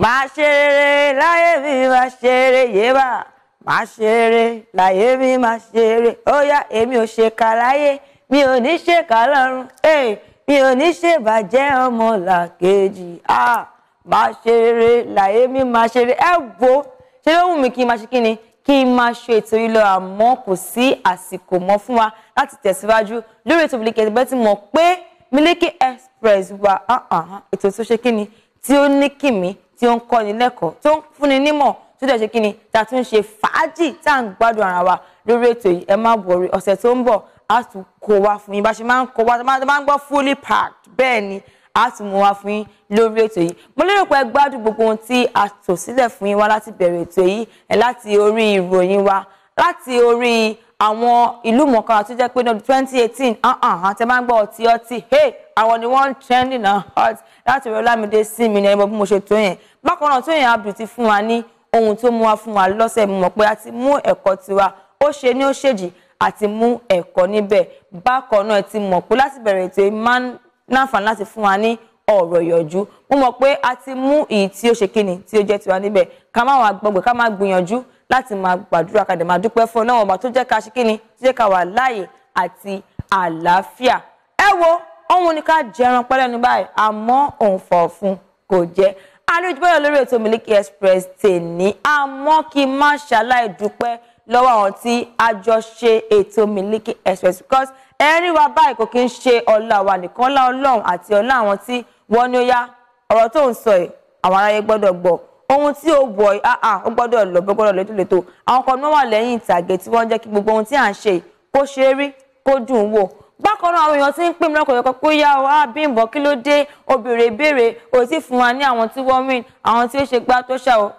Ma ṣe rere láyé mi máa ṣe rere yéèbà máa ṣe rere láyé mi máa ṣe rere ó yá èmi ò ṣèkà láyé mi ò ní ṣèkà lọ́run mi ò ní ṣèbàjẹ́ ọmọ làkejì ah, máa ṣe rere láyé mi máa ṣe rere ẹ wo ṣe ló wù mí kí n máa ṣe ma ni kí n máa ṣe ètò yìí lọ àmọ́ kò sí àsìkò mọ́ fún wa láti tẹ̀síwájú lórí ètò Miliki Express tí mọ̀ pé Miliki Express wa ah, ah, ètò tó ṣe kí ni tí ó ní kìmí tí ó ń kọ́ni lẹ́kọ̀ọ́ tó ń fúnni nímọ̀ tó dẹ̀ ṣe kí ni tá a tún ṣe fàájì tá à ń gbádùn ara wa lórí ètò yìí ẹ má bọ̀rí ọ̀sẹ̀ tó ń bọ̀ á tún kó wa fún yín bá ṣe máa ń kó wa tó máa ń gbọ́ fully packed bẹ́ẹ̀ ni á tún mú wa fún yín lórí ètò yìí mo lérò pé ẹ gbádùn gbogbo ohun tí a tò sílẹ̀ fún yín wá láti bẹ̀rẹ̀ ètò yìí ẹ láti orí ìròyìn wa láti orí àwọn ìlú mọ̀ọ́ká tó jẹ́ pé ní twenty eighteen ahàn tẹ máa ń gbọ́ ọtí ọtí hey àwọn ni wọ́n ń trending na hot láti rẹ Ọlámídé sí mi ní ẹ̀mọ́ bí mo ṣe tó yẹn bákan náà tó yẹn abdul ti fún wa ní ohun tó mú wa fún wa lọ́sẹ̀ mo mọ̀ pé a ti mú ẹ̀kọ́ tiwa ó ṣe ní ó ṣèjì àti mú ẹ̀kọ́ níbẹ̀ bákan náà ẹ ti mọ̀ pé láti bẹ̀rẹ̀ ètò yìí máa ń náǹfààní láti fún wa ní ọ̀rọ̀ ìyọ̀jú mo mọ̀ pé a ti mú èyí tí ó ṣe kíni tí ó jẹ́ tiwa níbẹ̀ ká má wàá gbọ́gbẹ̀ ká má gbìyànjú láti máa gbàdúrà ká dẹ̀ máa dúpẹ́ fún ọlọ́run ọba tó jẹ́ ká ṣe kíni tó jẹ́ ká wà láàyè àti àlàáfíà ẹ wo òun ni ká jẹran pẹ́lẹ́nu báyìí àmọ́ òun fọ̀ fún kò jẹ́ àríwájúbọ̀yọ̀ lórí ètò Miliki Express tèmi àmọ́ kí n má ṣàlàyé dúpẹ́ lọ́wọ́ àwọn tí a jọ ṣe ètò Miliki Express because ẹ̀rí wa báyìí kò kí ń ṣe ọlá wa nìkan ọlá ọlọ́run àti ọlá àwọn tí wọ́n ní ó yá ọ̀rọ̀ tó ń sọ ohun tí ó wọ̀ áà ah, ah, ó gbọ́dọ̀ lọ bó gbọ́dọ̀ lótó lótó àwọn kan náà wà lẹ́yìn ìtàgé tí wọ́n jẹ́ kí gbogbo ohun tí à ń ṣe kó ṣe é rí kó dùn wò bákan náà àwọn èèyàn ti ń pè mí lọ́kọ̀ọ́kọ́ pé yá o á ah, Bímbọ́ kí ló dé obìnrin ìbéèrè kò sí fún wa ní àwọn tí wọ́n win àwọn tí ó ṣe gbá tó ṣá o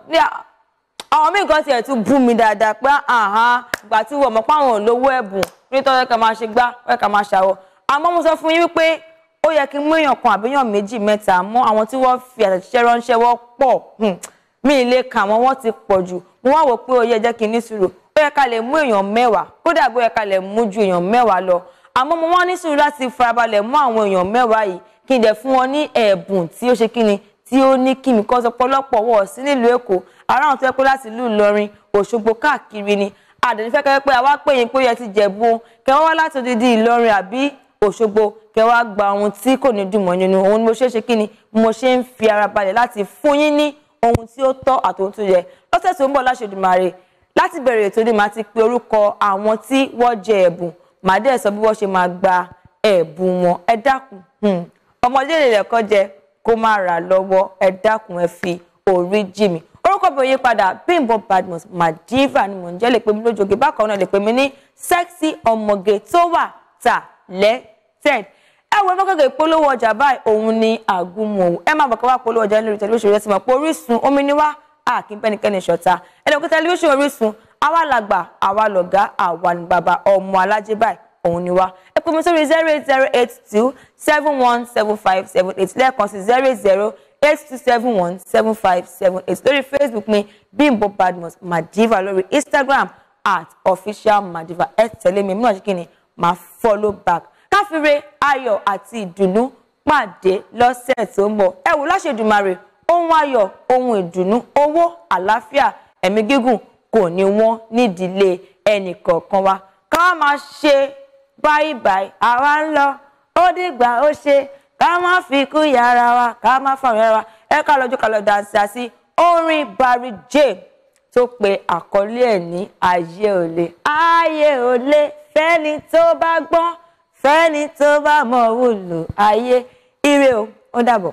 àwọn míì kan tiẹ̀ tún bú mi dáadáa pé àhán ìgbà tí wọ́n mọ̀ pé àwọn olówó ẹ̀bùn nítorí ká máa ṣe gbá ká máa ṣàwọ̀ àmọ́ mo sọ fún yín wípé ó yẹ kí n mú èèyàn kan àbíyàn méjì mẹ́ta mọ́ àwọn tí wọ́n fi àtẹ̀jíṣẹ́ ránṣẹ́ wọ́n pọ̀ hmm mi ì lè kà wọ́n wọ́n ti pọ̀ jù mo wá wò pé ó yẹ jẹ́ kí n ní sùúrù ó yẹ ká lè mú èèyàn mẹ́wàá kódà bó yẹ ká lè mú ju èèyàn mẹ́wàá lọ àmọ́ mo wá ní sùúrù láti farabalẹ̀ mú àwọn èèyàn mẹ́wàá yìí kí n dẹ̀ fún wọn ní ẹ̀bùn tí ó ṣe kí ni tí ó ní kí mi kọ́ sọpọlọpọ̀ wọ̀ sí nílùú èkó ará àwọn tó yẹ pé láti ìlú Ìlọrin Òṣogbo káàkiri ni àdánifẹ́ kẹ́ pé àwa pè yín pé yẹ ti jẹ̀bú kẹwàá wá láti odidi Ìlọrin àbí Òṣogbo kẹwàá gba ohun tí kò ní dùn mọ́ nínú òun ni mo ṣe é ṣe kí ni mo ṣe ń fi ara balẹ̀ láti fún yín ní ohun tí ó tọ́ àtòhun tó yẹ lọ́sẹ̀ tó ń bọ̀ láṣẹdùmarè láti bẹ̀rẹ̀ ètò ni màá ti pe orúkọ àwọn tí wọ́n jẹ ẹ̀bùn màá dẹ̀ sọ bí wọ́n ṣe máa gba ẹ̀bùn wọn ẹ dákun hmm, ọmọdé lè lẹ́kọ́ jẹ kó má ra lọ́wọ́ ẹ dákun ẹ fi orí jì mí orúkọ mi ò yí Badmus Madiva ni mò ń jẹ́ lè pe mi lójooge bákan náà lè pe mi ní sexy ọmọge tó wà tà lẹ́tẹ̀ẹ́ ẹ wo ẹgbẹ́ gẹ́gẹ́ ìpolówó ọjà báyìí òun ni àgùnmọ̀ òun ẹ má bọ̀ ká wá polówó ọjà lórí tẹlifíṣàn rẹ ti mọ̀ pé Orísun omi ni wá àkínpẹ́nikẹ́ni ṣọ̀tá ẹlẹ́kùn tẹlifíṣàn Orísun àwa làgbà àwa lọ̀gá àwa ni bàbá ọmọ alájẹ báyìí òun ni wá ẹ pè mí sórí zero eight zero eight two seven one seven five seven eight lẹ́ẹ̀kan sí zero eight zero eight two seven one seven five seven eight lórí Facebook mi Bimbo Badmus Madiva lórí Instagram at official Madiva ẹ tẹ̀lé mi mí náà ṣe kí ni màá follow back káfíre ayọ̀ àti ìdùnnú pàdé lọ́sẹ̀ tó ń bọ̀ ẹ wò láṣẹdùmarè ohun ayọ̀ ohun ìdùnnú owó àlàáfíà ẹ̀mí gígùn kò ní wọ́n nídìílé ẹnìkọ̀ọ̀kan wa ká máa ṣe báyìíbáyìí àwa ń lọ ó dìgbà ó ṣe ká má fi kú yàrá wa ká má fàwọn yàrá wa ẹ ká lọ́jọ́ ká lọ dànsì àti orin Barry J tó pe àkọlé ẹ̀ ní ayé òle ayé òle fẹ́ni tó bá gbọ́n fẹ́ni tó bá mọ̀ wúlò ayé ire o ó dàbọ̀.